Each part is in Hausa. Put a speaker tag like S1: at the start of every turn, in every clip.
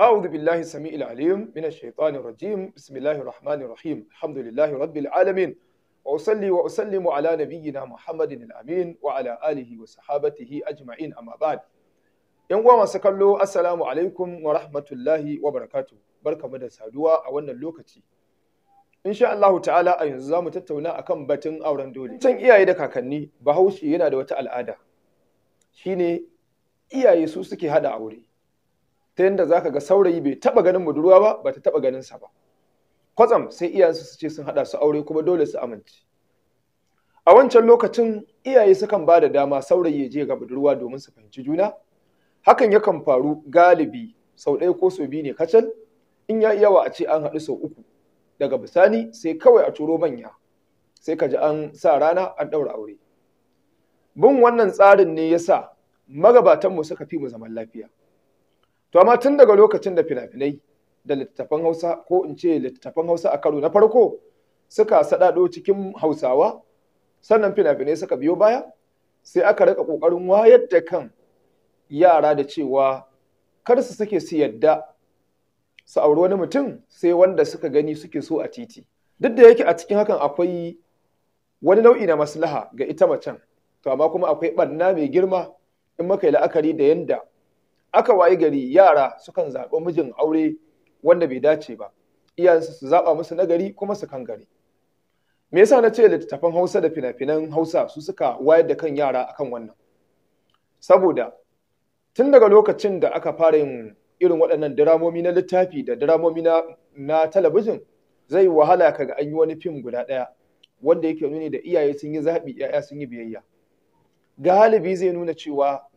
S1: أعوذ بالله السميع العليم من الشيطان الرجيم بسم الله الرحمن الرحيم الحمد لله رب العالمين وأصلي وأسلم على نبينا محمد الأمين وعلى آله وصحابته أجمعين أما بعد ‘Yan uwa masu kallo, "Asalamu alaikum wa rahmatullahi wa barakatu, barkamu da saduwa a wannan lokaci. Insha Allahu ta'ala a yanzu za mu tattauna akan batun auren dole. Can iyaye da kakanni, Bahaushe yana da wata al'ada, shine iyaye su suke aure. ta yadda za ka ga saurayi bai taɓa ganin budurwa ba ba ta taɓa ganin sa ba kwatsam sai iyayensu su ce sun haɗa su aure kuma dole su amince a wancan lokacin iyaye sukan ba da dama saurayi ya je ga budurwa domin su fahimci juna hakan yakan faru galibi sau ɗaya ko sau biyu ne kacal in ya yawa a ce an haɗu sau uku daga bisani sai kawai a turo manya sai ka ji an sa rana an ɗaura aure bin wannan tsarin ne ya sa magabatanmu suka fi mu zaman lafiya to amma tun daga lokacin da finafinai da littattafan hausa ko in ce littattafan hausa a karo na farko suka saɗaɗo cikin hausawa sannan fina-finai suka biyo baya sai aka rika ƙoƙarin wayar da kan yara da cewa kar su sake su yadda su auri wani mutum sai wanda suka gani suke so a titi duk da yake a cikin hakan akwai wani nau'i na maslaha ga ita macen to amma kuma akwai ɓanna mai girma in muka yi la'akari da yanda aka waye gari yara sukan zaɓi mijin aure wanda bai dace ba iyayensu su zaɓa musu nagari kuma su kan gari me yasa na ce littattafan hausa da fina-finan hausa su suka wayar da kan yara akan wannan saboda tun daga lokacin da aka fara yin irin waɗannan diramomi na littafi da diramomi na, na talabijin zai wahala kaga an yi wani fim guda ɗaya wanda yake nuni da iyaye sun yi zaɓi 'ya'ya sun yi biyayya galibi zai nuna cewa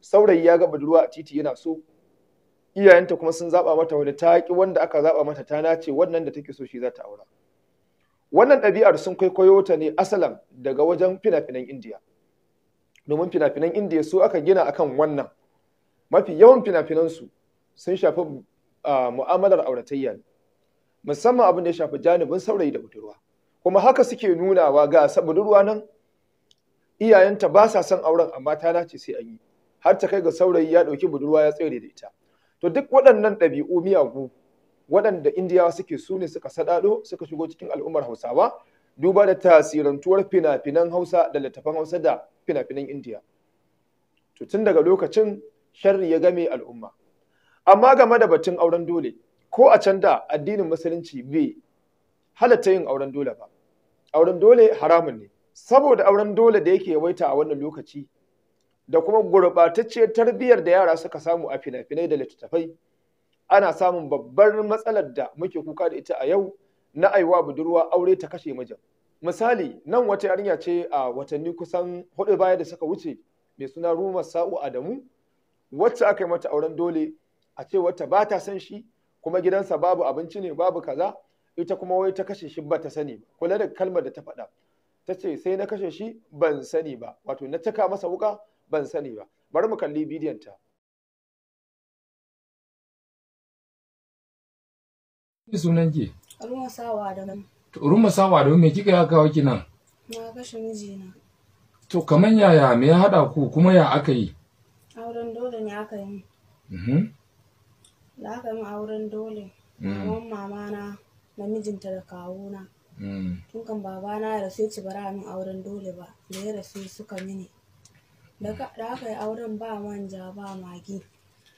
S1: saurayi ya ga budurwa a titi yana so iyayenta kuma sun zaba mata wani taki, wanda aka zaba mata ta nace wannan da take so shi za ta aura wannan ɗabi'ar sun kwaikwayo ta ne asalan daga wajen fina-finan indiya domin fina-finan indiya su aka gina akan wannan mafi yawan fina su sun shafi mu'amalar auratayya ne musamman abin da ya shafi janibin saurayi da budurwa kuma haka suke nunawa ga budurwa nan iyayenta ba sa son auren amma ta nace sai an yi har ta kai ga saurayi ya ɗauki budurwa ya tsere da ita to duk waɗannan ɗabi'u miyagu waɗanda indiyawa suke su ne suka saɗaɗo suka shigo cikin al'ummar hausawa duba da tasirantuwar fina-finan hausa da littafan hausa da fina-finan indiya to tun daga lokacin sharri ya game al'umma amma game da batun auren dole ko a can da addinin musulunci bai halatta yin auren dole ba auren dole haramun ne saboda auren dole da yake yawaita a wannan lokaci da kuma gurɓataccen tarbiyyar da yara suka samu a fina-finai da littattafai ana samun babbar matsalar da muke kuka da ita a yau na aiwa budurwa aure ta kashe mijin misali nan wata yarinya ce a watanni kusan hudu baya da suka wuce mai suna Ruma Sa'u Adamu wacce aka yi mata auren dole a ce wata ba ta san shi kuma gidansa babu abinci ne babu kaza ita kuma wai ta kashe shi ba ta sani kula da kalmar da ta faɗa ta ce sai na kashe shi ban sani ba wato na caka masa wuka ban sani ba bari mu kalli bidiyon ta sunan ki Ruma Sawa da nan Ruma
S2: Sawa da me kika ya kawo ki nan
S3: na kashe mijina
S2: to kaman yaya me ya hada ku kuma ya aka yi
S3: auren dole ne aka yi mhm. da aka yi auren dole mm. maman mama na mijinta da kawuna mm. tun kan babana ya rasu ya ci bara min auren dole ba da ya rasu suka mini da aka yi auren ba manja ba magi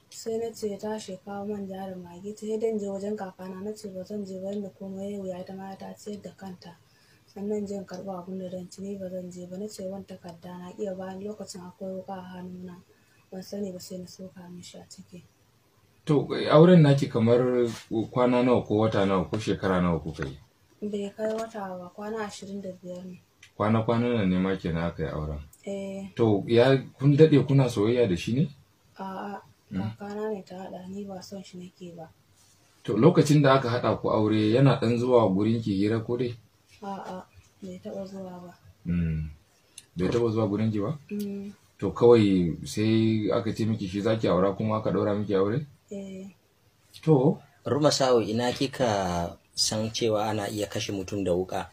S3: sai na ce ta tashi kawo manja da magi ta dan je wajen kakana na ce ba zan je ba inda komai ya wuya ita ma ta ciyar da kanta sannan jin karɓa abin da dan ci ba zan je ba na ce wani takarda na iya bayan lokacin akwai wuka a hannuna ban sani ba sai na soka mishi a ciki. to auren
S2: naki kamar kwana nawa ko wata nawa ko shekara nawa kuka yi.
S3: bai kai wata ba kwana ashirin da biyar ne.
S2: kwana kwanan nan ne ma kenan aka yi auren. Eh. To ya kun daɗe kuna soyayya da shi ne?
S3: A'a, hmm. kakana ne ta haɗa ni ba son shi nake ba.
S2: To lokacin da aka haɗa ku aure yana ɗan zuwa gurin ki hira ko dai?
S3: A'a, bai taɓa zuwa ba.
S2: Hmm. Bai taɓa zuwa gurin ki ba?
S3: Mm. To kawai sai aka ce miki shi zaki aura kuma aka ɗora miki aure? Eh. To. Ruma Sa'o ina kika san cewa ana iya kashe mutum da wuƙa?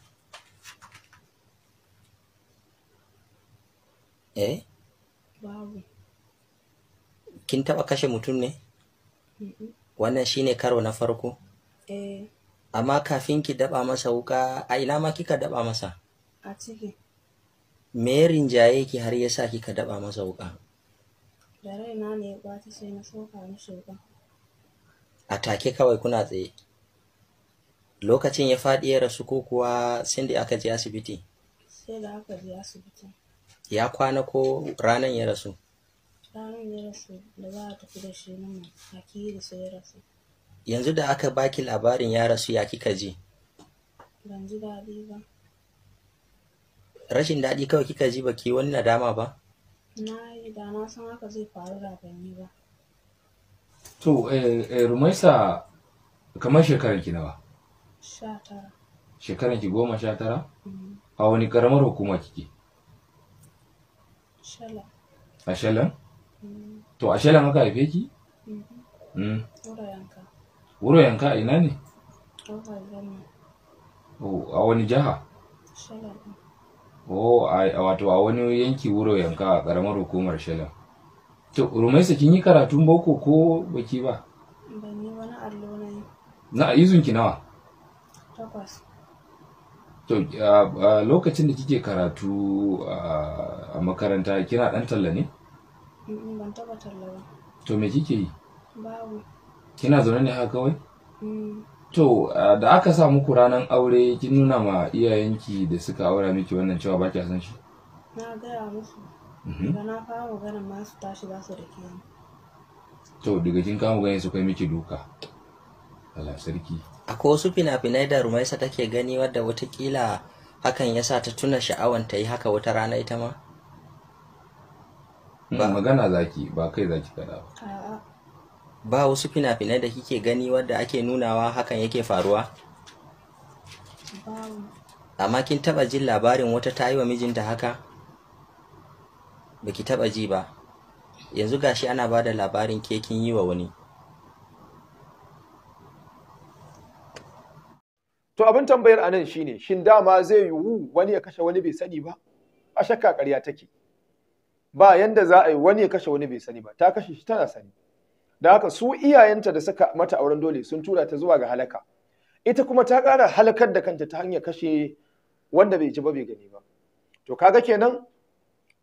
S3: eh babu kin taba kashe mutum ne wannan shine karo na farko eh amma kafin ki daba masa wuka a ina ma kika daba masa a ciki me rinjaye ki har yasa kika daba masa wuka da raina ne ya ta sai na soka mishi wuka a take kawai kuna tsaye lokacin ya faɗi ya rasu ko kuwa sai da aka je asibiti sai da aka je asibiti ya kwana ko ranan ya rasu ranan ya rasu da za a tafi da shi nan haki da sai ya rasu yanzu da aka baki labarin ya rasu ya kika ji ban ji daɗi ba rashin daɗi kawai kika ji baki wani nadama ba na yi da na san haka zai faru da ban yi ba to eh,
S2: eh rumaisa kamar shekarar ki nawa
S3: sha tara
S2: shekarar ki goma sha tara mm. a wani ƙaramar hukuma kike a shalan to a shalan aka haife ki mhm. mm. wuro yanka a ina ne a wani jiha oh wato a wani yanki wuro yanka a karamar hukumar shalan to rumaisa kin yi karatun boko ko baki ba
S3: ban yi wani allo na yi
S2: na izunki nawa takwas to lokacin da kike karatu a makaranta kina dan talla ne mm, ban taba talla ba to me kike yi babu kina zaune ne haka kawai mm. to da aka sa muku ranar aure kin nuna ma iyayenki da suka aura miki wannan cewa ba kya san shi
S3: na gaya musu mhm. da na fara magana ma su tashi za su da ni to daga kin kama gani su kai miki duka Allah sarki akwai wasu fina-finai da rumaisa take gani wadda watakila hakan ya sa ta tuna sha'awan ta yi haka wata rana ita ma hmm, ba magana zaki ba kai zaki kada
S2: ba
S3: ba wasu fina-finai da kike gani wadda ake nunawa hakan yake faruwa amma kin taba jin labarin wata ta yi wa mijinta haka baki taba ji ba yanzu gashi ana ba da labarin ke kin yi wa wani
S1: tambayar anan shine shin dama zai yiwu wani ya kashe wani bai sani ba a shakka ƙarya take ba yanda za a yi wani ya kashe wani bai sani ba ta kashe shi tana sani da haka su iyayenta da suka mata auren dole sun tura ta zuwa ga halaka ita kuma ta ƙara halakar da kanta ta hanyar kashe wanda bai ji ba bai gani ba to kaga kenan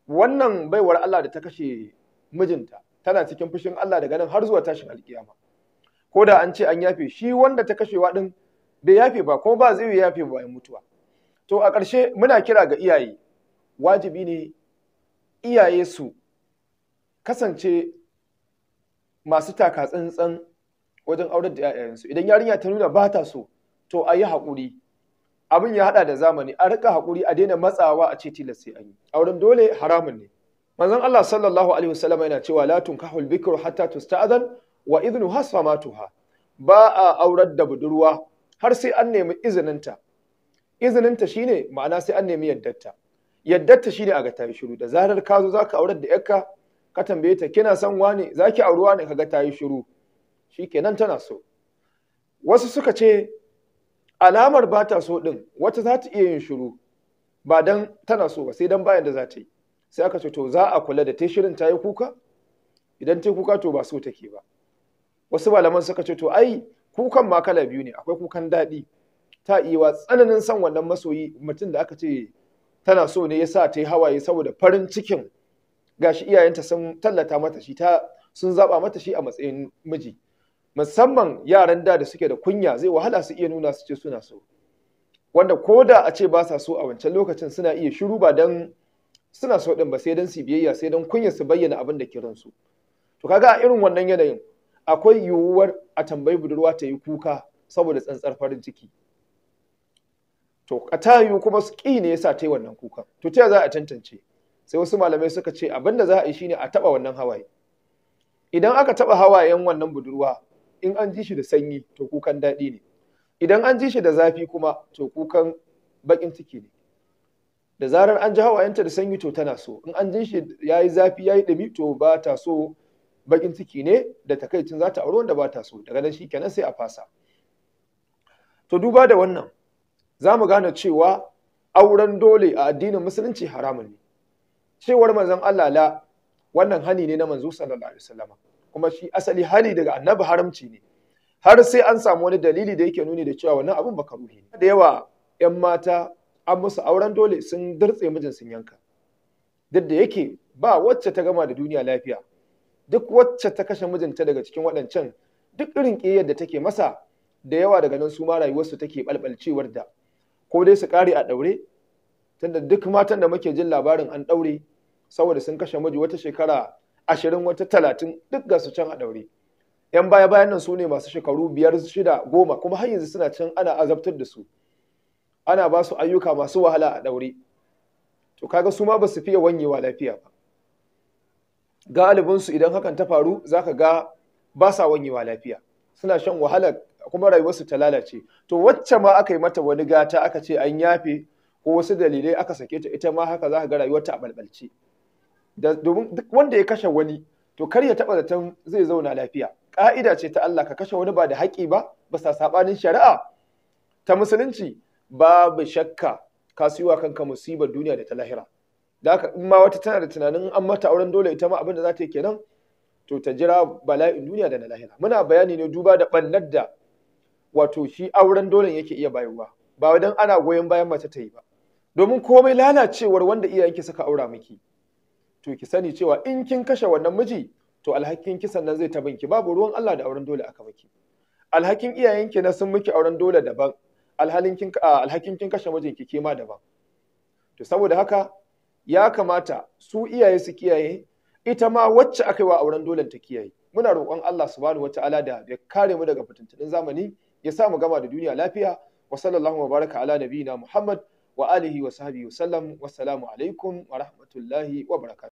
S1: wannan baiwar Allah da ta kashe mijinta tana cikin fushin Allah daga nan har zuwa tashin alkiyama ko da an ce an yafe shi wanda ta kashewa din bai yafe ba kuma ba zai yi yafe ba ya mutuwa to a ƙarshe muna kira ga iyaye wajibi ne iyaye su kasance masu taka tsantsan wajen aurar da 'ya'yansu idan yarinya ta nuna ba ta so to a yi haƙuri abin ya haɗa da zamani a riƙa haƙuri a daina matsawa a ce tilas sai an auren dole haramun ne manzon Allah sallallahu alaihi wasallam yana cewa la tunkahul bikru hatta tusta'zan wa idnu matuha ba a aurar da budurwa har sai an nemi izininta izininta shine ma'ana sai an nemi yaddarta yaddarta shine a ga ta shiru da zarar ka zo zaka aurar da yarka ka tambaye ta kina son wane zaki auri wane kaga ta yi shiru shikenan tana so wasu suka ce alamar ba ta so din wata za ta iya yin shiru ba dan tana so ba sai dan bayan da za ta yi sai aka ce to za a kula da ta shirin ta yi kuka idan ta yi kuka to ba so take ba wasu malaman suka ce to ai kukan ma kala biyu ne akwai kukan daɗi ta iya tsananin san wannan masoyi mutum da aka ce tana so ne ya sa ta yi hawaye saboda farin cikin gashi iyayenta sun tallata mata shi ta sun zaba mata shi a matsayin miji musamman yaran da da suke da kunya zai wahala su iya nuna su ce suna so wanda ko da a ce ba sa so a wancan lokacin suna iya shiru ba dan suna so din ba sai dan su biyayya sai dan kunya su bayyana abin da kiran su to kaga a irin wannan yanayin akwai yiwuwar a tambayi budurwa ta yi kuka saboda tsantsar farin ciki to a yi kuma su ƙi ne yasa ta yi wannan kuka to ta za a tantance sai wasu malamai suka ce abinda za a yi shine a taɓa wannan hawaye idan aka taɓa hawayen wannan budurwa in an ji shi da sanyi to kukan daɗi ne idan an ji shi da zafi kuma to kukan baƙin ciki ne da zarar an ji hawayenta da sanyi to tana so in an ji shi ya yi zafi ya yi ɗumi to ba ta so bakin ciki ne da takaicin za ta auri wanda ba ta so daga nan shikenan sai a fasa to duba da wannan za mu gane cewa auren dole a addinin musulunci haramun ne cewar manzon Allah la wannan hani ne na manzo sallallahu alaihi wasallam kuma shi asali hani daga annabi haramci ne har sai an samu wani dalili da yake nuni da cewa wannan abun makaruhi ne da yawa yan mata an musu auren dole sun dirtse mijin sun yanka duk da yake ba wacce ta gama da duniya lafiya duk wacce ta kashe mijinta daga cikin waɗancan duk irin ƙiyar da take masa da yawa daga nan su ma rayuwarsu take ɓalɓalcewar da ko dai su ƙare a ɗaure tunda duk matan da muke jin labarin an ɗaure saboda sun kashe miji wata shekara ashirin wata talatin duk ga su can a ɗaure yan baya bayan nan su ne masu shekaru biyar shida goma kuma har yanzu suna can ana azabtar da su ana ba su ayyuka masu wahala a ɗaure to kaga su ma ba su fiye wanyewa lafiya ba galibinsu idan hakan ta faru za ka ga ba sa wanyewa lafiya suna shan wahala kuma rayuwarsu ta lalace to wacce ma aka yi mata wani gata aka ce an yafe ko wasu dalilai aka sake ta ita ma haka za ka ga rayuwarta a balbalce domin duk wanda ya kashe wani to kar ya taba zaton zai zauna lafiya Ka'ida ce ta Allah ka kashe wani ba da haƙƙi ba ba sa saɓanin shari'a ta musulunci babu shakka ka kan kanka musibar duniya da ta lahira da in ma wata tana da tunanin an mata auren dole ita ma abin da za ta yi kenan to ta jira bala'in duniya da na lahira muna bayani ne duba da ɓannar da wato shi auren dole yake iya bayarwa ba wadan ana goyon bayan mace ta yi ba domin komai lalacewar wanda iyayen ki suka aura miki to ki sani cewa in kin kashe wannan miji to alhakin kisan nan zai ta binki babu ruwan Allah da auren dole aka miki alhakin iyayenki na sun miki auren dole daban alhakin kin kashe mijinki ke ma daban to saboda haka ya kamata su iyaye su kiyaye ita ma wacce aka yi wa auren dolen ta kiyaye muna roƙon Allah subhanahu ta'ala da ya kare mu daga fitintunin zamani ya sa mu gama da duniya lafiya wa sallallahu wa baraka ala nabiyina Muhammad wa alihi wa sahbihi wa sallam wassalamu alaikum wa rahmatullahi wa barakatuh